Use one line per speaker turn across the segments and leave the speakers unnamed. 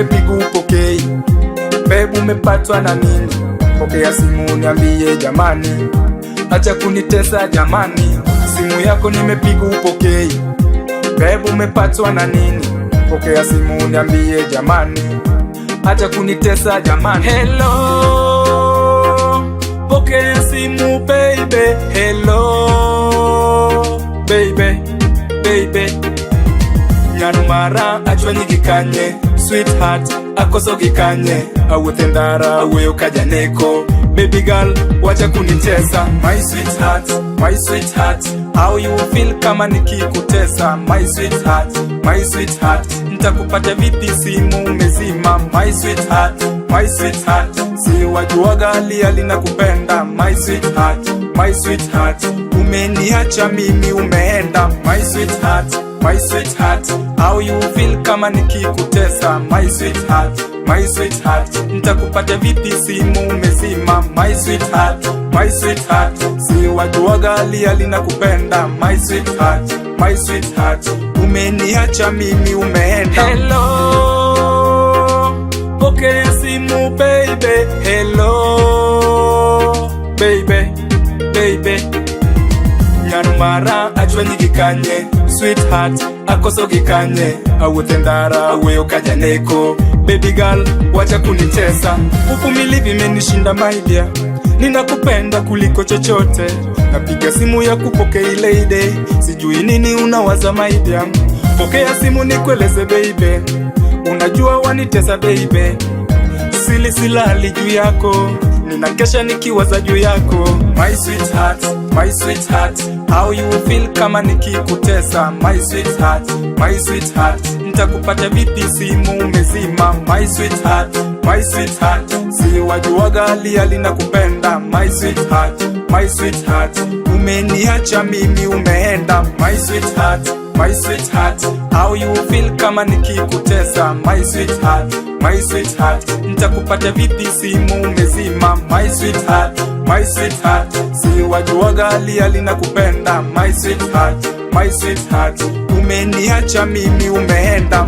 umepiga upokei, bebu umepatwa na nini? Pokea simu niambie jamani, acha kunitesa jamani, simu yako nimepiga upokei, bebu umepatwa na nini? Pokea simu niambie jamani, acha kunitesa jamani. Hello, pokea simu baby, hello baby, baby, nyarumara achwa nyigikanye sweetheart akosokikanye awuthe ndara we ukaja neko baby girl wacha kunitesa my sweetheart my sweetheart how you feel kama nikikutesa my sweetheart my sweetheart nitakupata vipi simu umezima my sweetheart my sweetheart si wajuaga aliali na kupenda my sweetheart my sweetheart umeniacha mimi umeenda my sweetheart my sweetheart, how you feel kama nikikutesa my sweetheart, my sweetheart, nitakupata vipi simu umezima my sweetheart, my sweetheart, si watu wagalia linakupenda my sweetheart, my sweetheart, umeniacha mimi umeenda. Hello, pokea simu baby. Hello, baby, baby, nyarumara ajwe nyigikanye sweetheart akosogikanye awutendara we ukaja neko baby girl wacha kunicheza uvumilivu imenishinda my dear ninakupenda kuliko chochote napiga simu ya kupokea ile sijui nini unawaza maidia pokea simu nikueleze baby unajua wanitesa baby sili silali juu yako ninakesha nikiwaza juu yako my sweetheart, my sweetheart, how you feel kama nikikutesa my sweetheart, my sweetheart, nitakupata vipi simu umezima my sweetheart, my sweetheart, si wajuaga alia kupenda my sweetheart, my sweetheart, umeniacha mimi umeenda my sweetheart my sweetheart, how you feel kama nikikutesa my sweetheart, my sweetheart, nitakupata vipi simu umezima my sweetheart, my sweetheart, si wajuaga liali na kupenda my sweetheart, my sweetheart, umeniacha mimi umeenda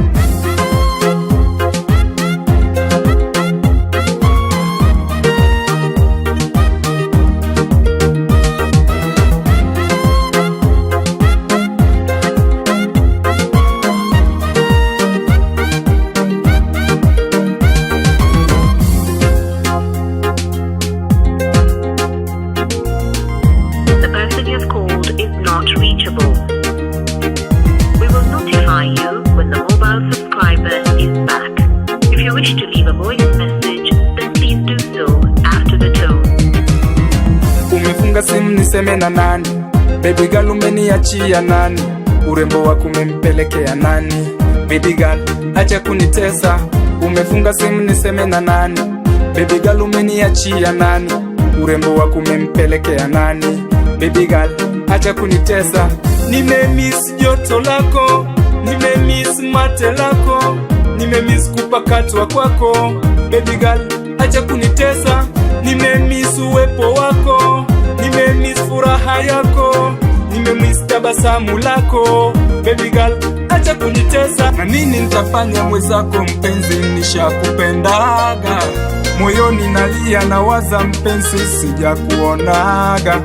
wish to leave a voice message, then please do so after the tone.
Umefunga simu niseme na nani? Baby girl umeniachia nani? Urembo wako umempelekea nani? Baby girl acha kunitesa. Umefunga simu niseme na nani? Baby girl umeniachia nani? Urembo wako umempelekea nani? Baby girl acha kunitesa. Nimemiss joto lako, nimemiss mate lako, nimemiss wakati wa kwako. Baby girl, acha kunitesa, nimemiss uwepo wako, nimemiss furaha yako, nimemiss tabasamu lako. Baby girl, acha kunitesa. Na nini nitafanya mwezako mpenzi, nishakupendaga moyoni nalia, na waza mpenzi, sijakuonaga.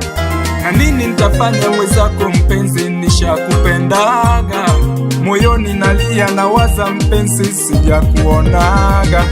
Na nini nitafanya mwezako mpenzi, nishakupendaga moyoni nalia na waza mpenzi sijakuonaga.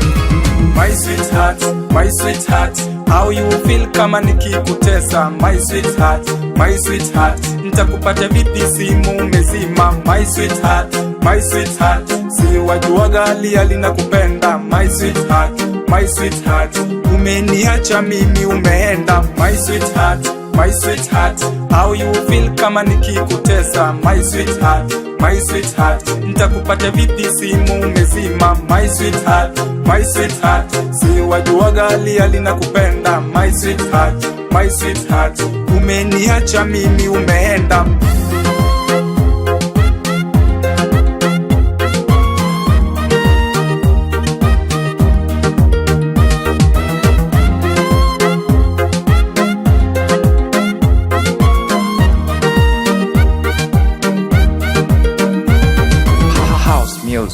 My sweetheart, my sweetheart, how you feel kama nikikutesa? My sweetheart, my sweetheart, nitakupata vipi simu umezima? My sweetheart, my sweetheart, si wajuaga lia linakupenda. My sweetheart, my sweetheart, umeniacha mimi umeenda. My sweetheart my sweetheart, how you feel kama nikikutesa my sweetheart, my sweetheart, nitakupata vipi simu umezima my sweetheart, my sweetheart, si wajuaga hali kupenda my sweetheart, my sweetheart, umeniacha mimi umeenda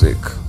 music.